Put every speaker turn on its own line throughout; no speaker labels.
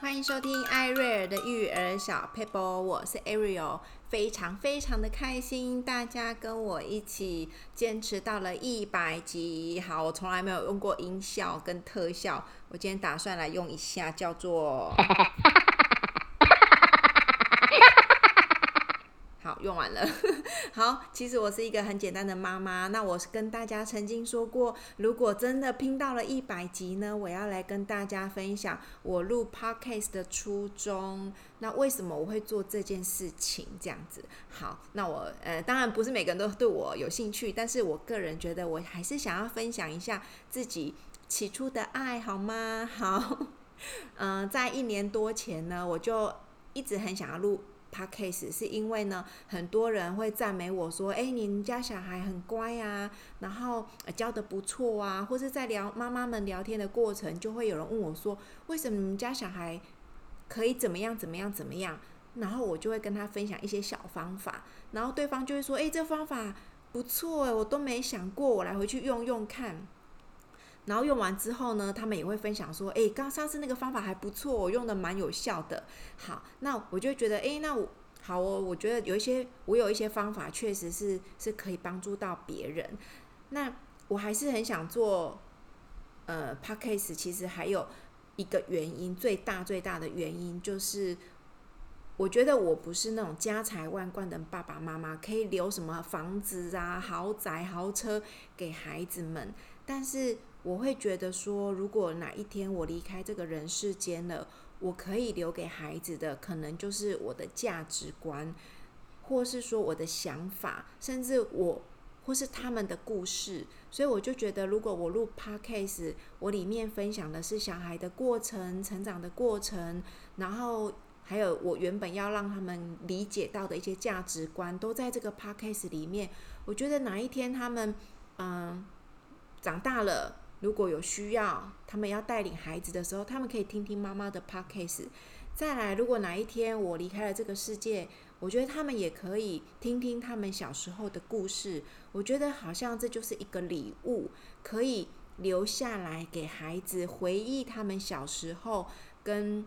歡迎收聽艾瑞爾的育兒小 paper，我是艾瑞 l 非常非常的開心，大家跟我一起堅持到了一百集。好，我從來沒有用過音效跟特效，我今天打算來用一下，叫做。 用完了， 好，其實我是一個很簡單的媽媽。那我是跟大家曾經說過，如果真的拼到了一百集呢，我要來跟大家分享我錄 podcast 的初衷。那為什麼我會做這件事情？這樣子，好，那我呃，當然不是每個人都對我有興趣，但是我個人覺得，我還是想要分享一下自己起初的愛好嗎？好，嗯、 呃，在一年多前呢，我就一直很想要錄。Podcast 是因為呢，很多人會讚美我說：“哎，你們家小孩很乖啊，然後教得不錯啊。”或是在聊媽媽們聊天的過程，就會有人問我說：“為什麼你們家小孩可以怎麼樣怎麼樣怎麼樣？”然後我就會跟他分享一些小方法，然後對方就會說：“哎，這方法不錯，我都沒想過，我來回去用用看。”然後用完之後呢，他們也會分享說：“哎，剛上次那個方法還不錯哦，，我用的蠻有效的。”好，那我就覺得：“哎，那我好哦，我覺得有一些，我有一些方法確實是是可以幫助到別人。那我還是很想做呃，podcast。其實還有一個原因，最大最大的原因就是，我覺得我不是那種家財萬貫的爸爸媽媽，可以留什麼房子啊、豪宅、豪車給孩子們，但是。我會覺得說，如果哪一天我離開這個人世間了，我可以留給孩子的，可能就是我的價值觀，或是說我的想法，甚至我或是他們的故事。所以我就覺得，如果我錄 Podcast，我裡面分享的是小孩的過程、成長的過程，然後還有我原本要讓他們理解到的一些價值觀，都在這個 Podcast 裡面。我覺得哪一天他們嗯長大了。如果有需要，他們要帶領孩子的時候，他們可以聽聽媽媽的 podcast。再來，如果哪一天我離開了這個世界，我覺得他們也可以聽聽他們小時候的故事。我覺得好像這就是一個禮物，可以留下來給孩子，回憶他們小時候跟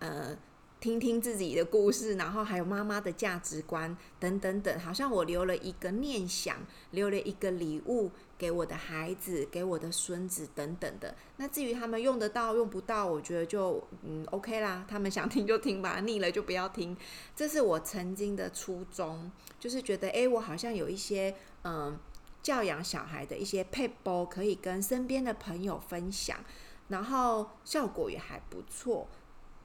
呃。聽聽自己的故事，然後還有媽媽的價值觀等等等，好像我留了一個念想，留了一個禮物給我的孩子，給我的孫子等等的。那至於他們用得到用不到，我覺得就嗯 OK 啦，他們想聽就聽吧，膩了就不要聽。這是我曾經的初衷，就是覺得哎，我好像有一些嗯教養小孩的一些撇步，可以跟身邊的朋友分享，然後效果也還不錯，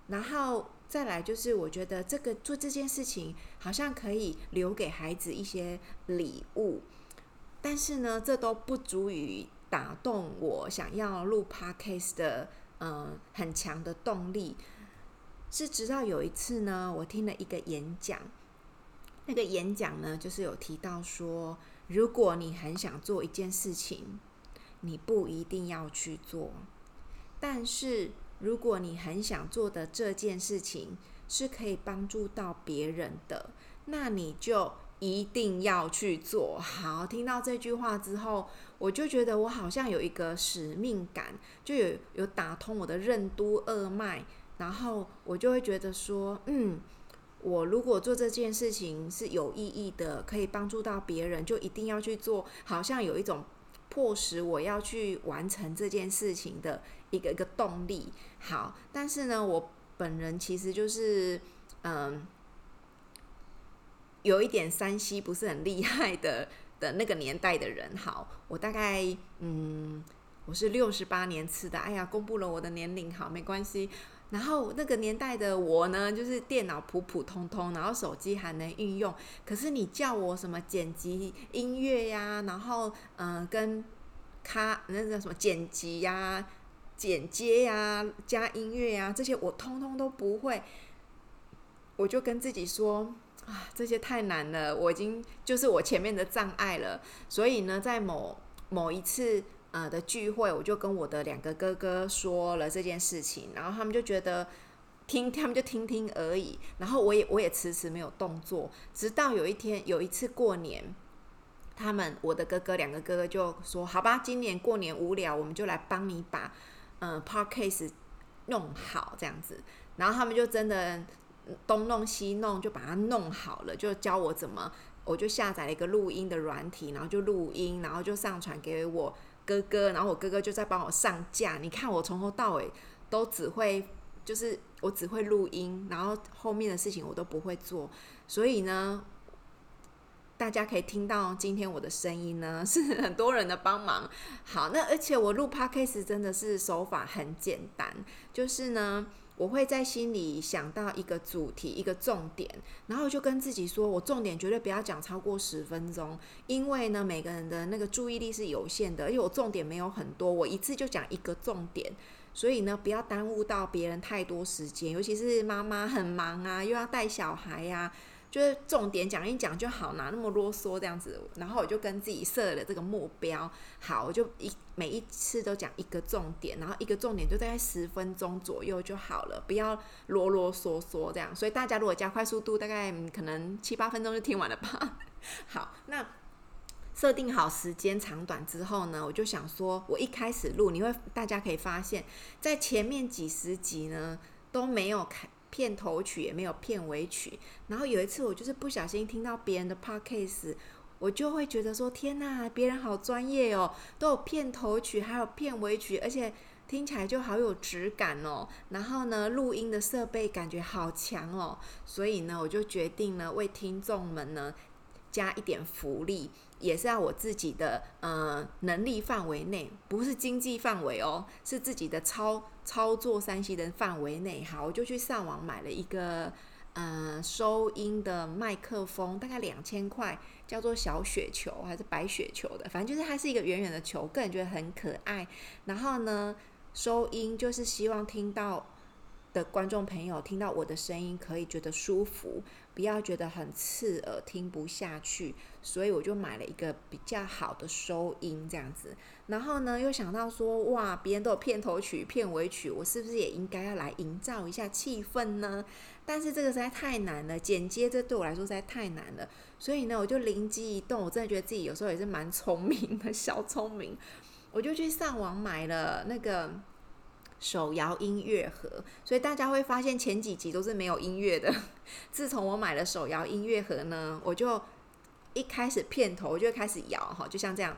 然後。再來就是，我覺得這個做這件事情好像可以留給孩子一些禮物，但是呢，這都不足以打動我想要錄 podcast 的，嗯，很強的動力。是直到有一次呢，我聽了一個演講，那個演講呢，就是有提到說，如果你很想做一件事情，你不一定要去做，但是。如果你很想做的這件事情是可以幫助到別人的，那你就一定要去做好。聽到這句話之後，我就覺得我好像有一個使命感，就有有打通我的任督二脈，然後我就會覺得說，嗯，我如果做這件事情是有意義的，可以幫助到別人，就一定要去做。好像有一種迫使我要去完成這件事情的。一個一個動力。好，但是呢，我本人其實就是嗯，有一點 3C 不是很厲害的的那個年代的人。好，我大概嗯，我是六十八年次的。哎呀，公布了我的年齡，好沒關係。然後那個年代的我呢，就是電腦普普通通，然後手機還能運用。可是你叫我什麼剪輯音樂呀？然後嗯，跟咔那叫什麼剪輯呀？剪接呀，啊，加音樂呀，啊，這些我通通都不會。我就跟自己說啊，這些太難了，我已經就是我前面的障礙了。所以呢，在某某一次呃的聚會，我就跟我的兩個哥哥說了這件事情，然後他們就覺得聽，他們就聽聽而已。然後我也我也遲遲沒有動作，直到有一天有一次過年，他們我的哥哥兩個哥哥就說：“好吧，今年過年無聊，我們就來幫你吧。”嗯 podcast 弄好這樣子，然後他們就真的東弄西弄，就把它弄好了，就教我怎麼，我就下載了一個錄音的軟體，然後就錄音，然後就上傳給我哥哥，然後我哥哥就在幫我上架。你看我從頭到尾都只會，就是我只會錄音，然後後面的事情我都不會做，所以呢。大家可以聽到今天我的聲音呢，是很多人的幫忙。好，那而且我錄 podcast 真的是手法很簡單，就是呢，我會在心裡想到一個主題、一個重點，然後就跟自己說，我重點絕對不要講超過十分鐘，因為呢，每個人的那個注意力是有限的，而且我重點沒有很多，我一次就講一個重點，所以呢，不要耽誤到別人太多時間，尤其是媽媽很忙啊，又要帶小孩呀、啊。就是重點講一講就好，哪那麼囉嗦這樣子。然後我就跟自己設了這個目標，好，我就一每一次都講一個重點，然後一個重點就大概十分鐘左右就好了，不要囉囉嗦嗦這樣。所以大家如果加快速度，大概可能七八分鐘就聽完了吧。好，那設定好時間長短之後呢，我就想說，我一開始錄，你會大家可以發現，在前面幾十集呢都沒有開。片頭曲也沒有片尾曲，然後有一次我就是不小心聽到別人的 podcast，我就會覺得說，天吶，別人好專業哦，都有片頭曲，還有片尾曲，而且聽起來就好有質感哦。然後呢，錄音的設備感覺好強哦，所以呢，我就決定呢為聽眾們呢加一點福利。也是在我自己的呃能力範圍內，不是經濟範圍哦，是自己的操操作 3C 的範圍內好，我就去上網買了一個呃收音的麥克風，大概兩千塊，叫做小雪球還是白雪球的，反正就是它是一個圓圓的球，個人覺得很可愛。然後呢，收音就是希望聽到的觀眾朋友聽到我的聲音可以覺得舒服，不要覺得很刺耳，聽不下去。所以我就買了一個比較好的收音，這樣子。然後呢，又想到說，哇，別人都有片頭曲、片尾曲，我是不是也應該要來營造一下氣氛呢？但是這個實在太難了，剪接這對我來說實在太難了。所以呢，我就靈機一動，我真的覺得自己有時候也是蠻聰明的，小聰明，我就去上網買了那個。手搖音樂盒，所以大家會發現前幾集都是沒有音樂的。自從我買了手搖音樂盒呢，我就一開始片頭我就開始搖，哈，就像這樣，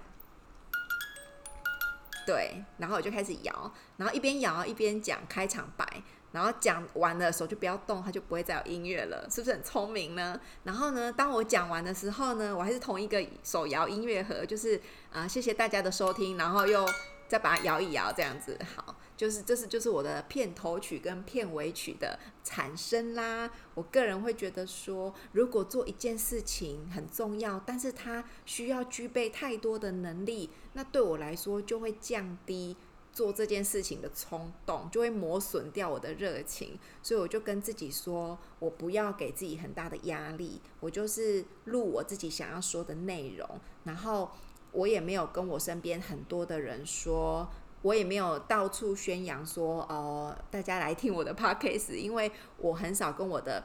對，然後我就開始搖，然後一邊搖一邊講開場白，然後講完了手就不要動，它就不會再有音樂了，是不是很聰明呢？然後呢，當我講完的時候呢，我還是同一個手搖音樂盒，就是啊、呃，謝謝大家的收聽，然後又再把它搖一搖，這樣子，好。就是這是就是就是我的片頭曲跟片尾曲的產生啦。我個人會覺得說，如果做一件事情很重要，但是它需要具備太多的能力，那對我來說就會降低做這件事情的衝動，就會磨損掉我的熱情。所以我就跟自己說，我不要給自己很大的壓力，我就是錄我自己想要說的內容，然後我也沒有跟我身邊很多的人說。我也沒有到處宣揚說，哦，大家來聽我的 podcast，因為我很少跟我的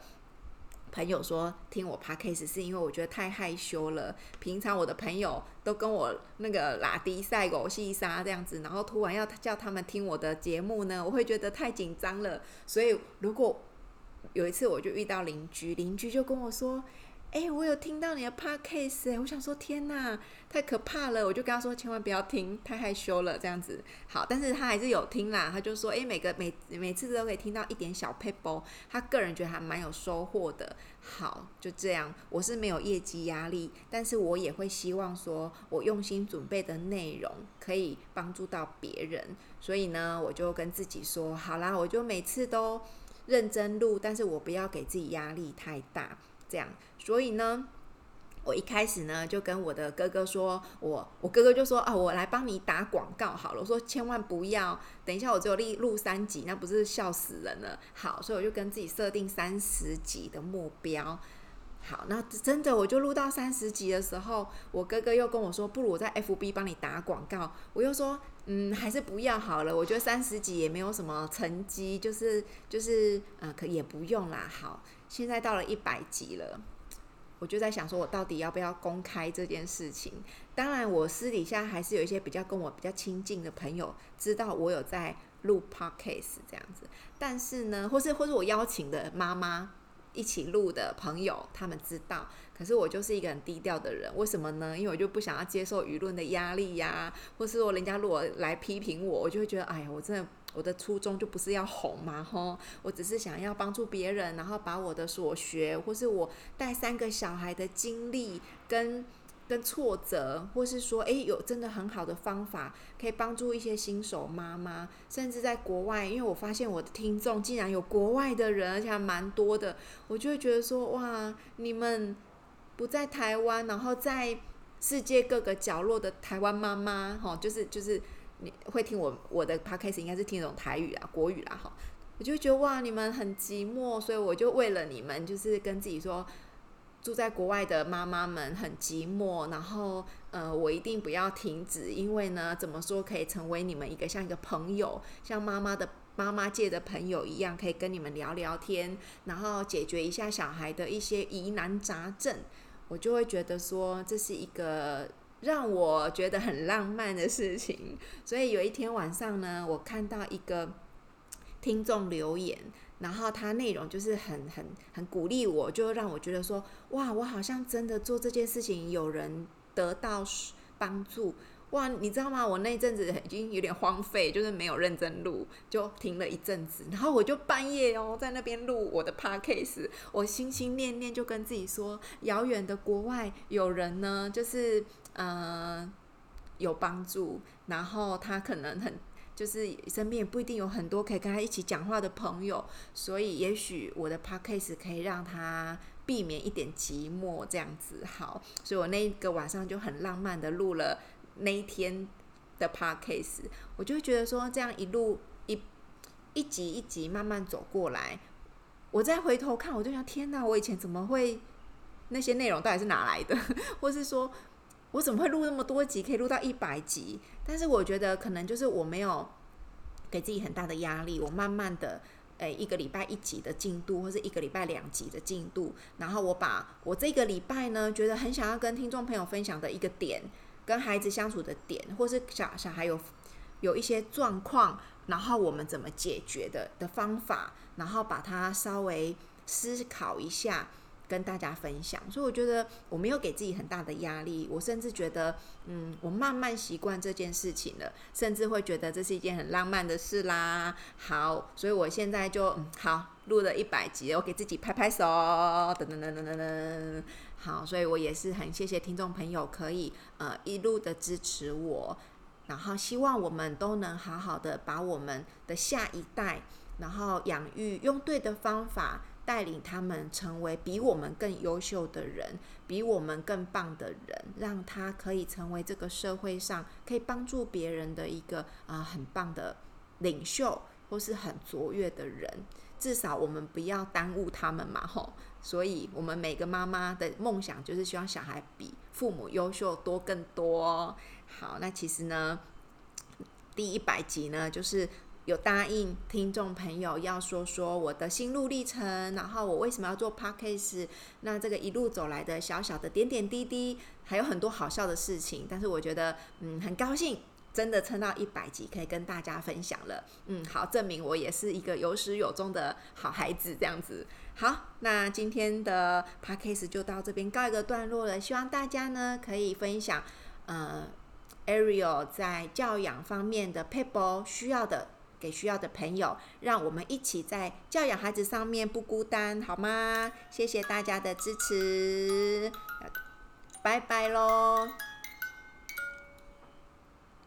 朋友說聽我 podcast 是因為我覺得太害羞了。平常我的朋友都跟我那個拉低塞狗細沙這樣子，然後突然要叫他們聽我的節目呢，我會覺得太緊張了。所以如果有一次我就遇到鄰居，鄰居就跟我說。誒、欸，我有聽到你的 podcast 誒，我想說天哪，太可怕了！我就跟他說，千萬不要聽，太害羞了這樣子。好，但是他還是有聽啦，他就說，誒、欸，每個每每次都可以聽到一點小撇步，他個人覺得還蠻有收穫的。好，就這樣，我是沒有業績壓力，但是我也會希望說我用心準備的內容可以幫助到別人，所以呢，我就跟自己說，好啦，我就每次都認真錄，但是我不要給自己壓力太大。這樣，所以呢，我一開始呢就跟我的哥哥說，我我哥哥就說啊，我來幫你打廣告好了。我說千萬不要，等一下我只有錄錄三集，那不是笑死人了。好，所以我就跟自己設定三十集的目標。好，那真的我就錄到三十集的時候，我哥哥又跟我說，不如我在 FB 幫你打廣告。我又說。嗯，還是不要好了。我覺得三十幾也沒有什麼成績，就是就是，呃、嗯，可也不用啦。好，現在到了一百集了，我就在想，說我到底要不要公開這件事情？當然，我私底下還是有一些比較跟我比較親近的朋友知道我有在錄 Podcast 這樣子，但是呢，或是或是我邀請的媽媽。一起錄的朋友，他們知道。可是我就是一個很低調的人，為什麼呢？因為我就不想要接受輿論的壓力呀、啊，或是說人家如果來批評我，我就會覺得，哎呀，我真的我的初衷就不是要紅嘛，吼，我只是想要幫助別人，然後把我的所學，或是我帶三個小孩的經歷跟。跟挫折，或是說，哎，有真的很好的方法可以幫助一些新手媽媽，甚至在國外，因為我發現我的聽眾竟然有國外的人，而且還蠻多的，我就會覺得說，哇，你們不在台灣，然後在世界各個角落的台灣媽媽，哈，就是就是你會聽我我的 p 開始，a 應該是聽得懂台語啊、國語啦，哈，我就覺得哇，你們很寂寞，所以我就為了你們，就是跟自己說。住在國外的媽媽們很寂寞，然後呃，我一定不要停止，因為呢，怎麼說可以成為你們一個像一個朋友，像媽媽的媽媽界的朋友一樣，可以跟你們聊聊天，然後解決一下小孩的一些疑難雜症，我就會覺得說這是一個讓我覺得很浪漫的事情。所以有一天晚上呢，我看到一個聽眾留言。然後他內容就是很很很鼓勵我，就讓我覺得說，哇，我好像真的做這件事情，有人得到幫助，哇，你知道嗎？我那陣子已經有點荒廢，就是沒有認真錄，就停了一陣子，然後我就半夜哦，在那邊錄我的 podcast，我心心念念就跟自己說，遙遠的國外有人呢，就是嗯、呃，有幫助，然後他可能很。就是身邊也不一定有很多可以跟他一起講話的朋友，所以也許我的 podcast 可以讓他避免一點寂寞，這樣子好。所以我那個晚上就很浪漫的錄了那一天的 podcast，我就會覺得說，這樣一路一一集一集慢慢走過來，我再回頭看，我就想，天哪，我以前怎麼會，那些內容到底是哪來的？ 或是說？我怎麼會錄那麼多集，可以錄到一百集？但是我覺得可能就是我沒有給自己很大的壓力，我慢慢的，誒、欸，一個禮拜一集的進度，或是一個禮拜兩集的進度，然後我把我這個禮拜呢，覺得很想要跟聽眾朋友分享的一個點，跟孩子相處的點，或是小小孩有有一些狀況，然後我們怎麼解決的的方法，然後把它稍微思考一下。跟大家分享，所以我覺得我沒有給自己很大的壓力，我甚至覺得，嗯，我慢慢習慣這件事情了，甚至會覺得這是一件很浪漫的事啦。好，所以我現在就、嗯、好錄了一百集，我給自己拍拍手，噔噔噔噔噔噔。好，所以我也是很謝謝聽眾朋友可以呃一路的支持我，然後希望我們都能好好的把我們的下一代，然後養育用對的方法。帶領他們成為比我們更優秀的人，比我們更棒的人，讓他可以成為這個社會上可以幫助別人的一個啊、呃、很棒的領袖，或是很卓越的人。至少我們不要耽誤他們嘛，吼！所以，我們每個媽媽的夢想就是希望小孩比父母優秀多更多、哦。好，那其實呢，第一百集呢，就是。有答應聽眾朋友要說說我的心路歷程，然後我為什麼要做 Podcast，那這個一路走來的小小的點點滴滴，還有很多好笑的事情，但是我覺得嗯很高興，真的撐到一百集可以跟大家分享了，嗯好，證明我也是一個有始有終的好孩子這樣子。好，那今天的 Podcast 就到這邊告一個段落了，希望大家呢可以分享，呃，Ariel 在教養方面的 people 需要的。給需要的朋友，讓我們一起在教養孩子上面不孤單，好嗎？謝謝大家的支持。拜拜嘍。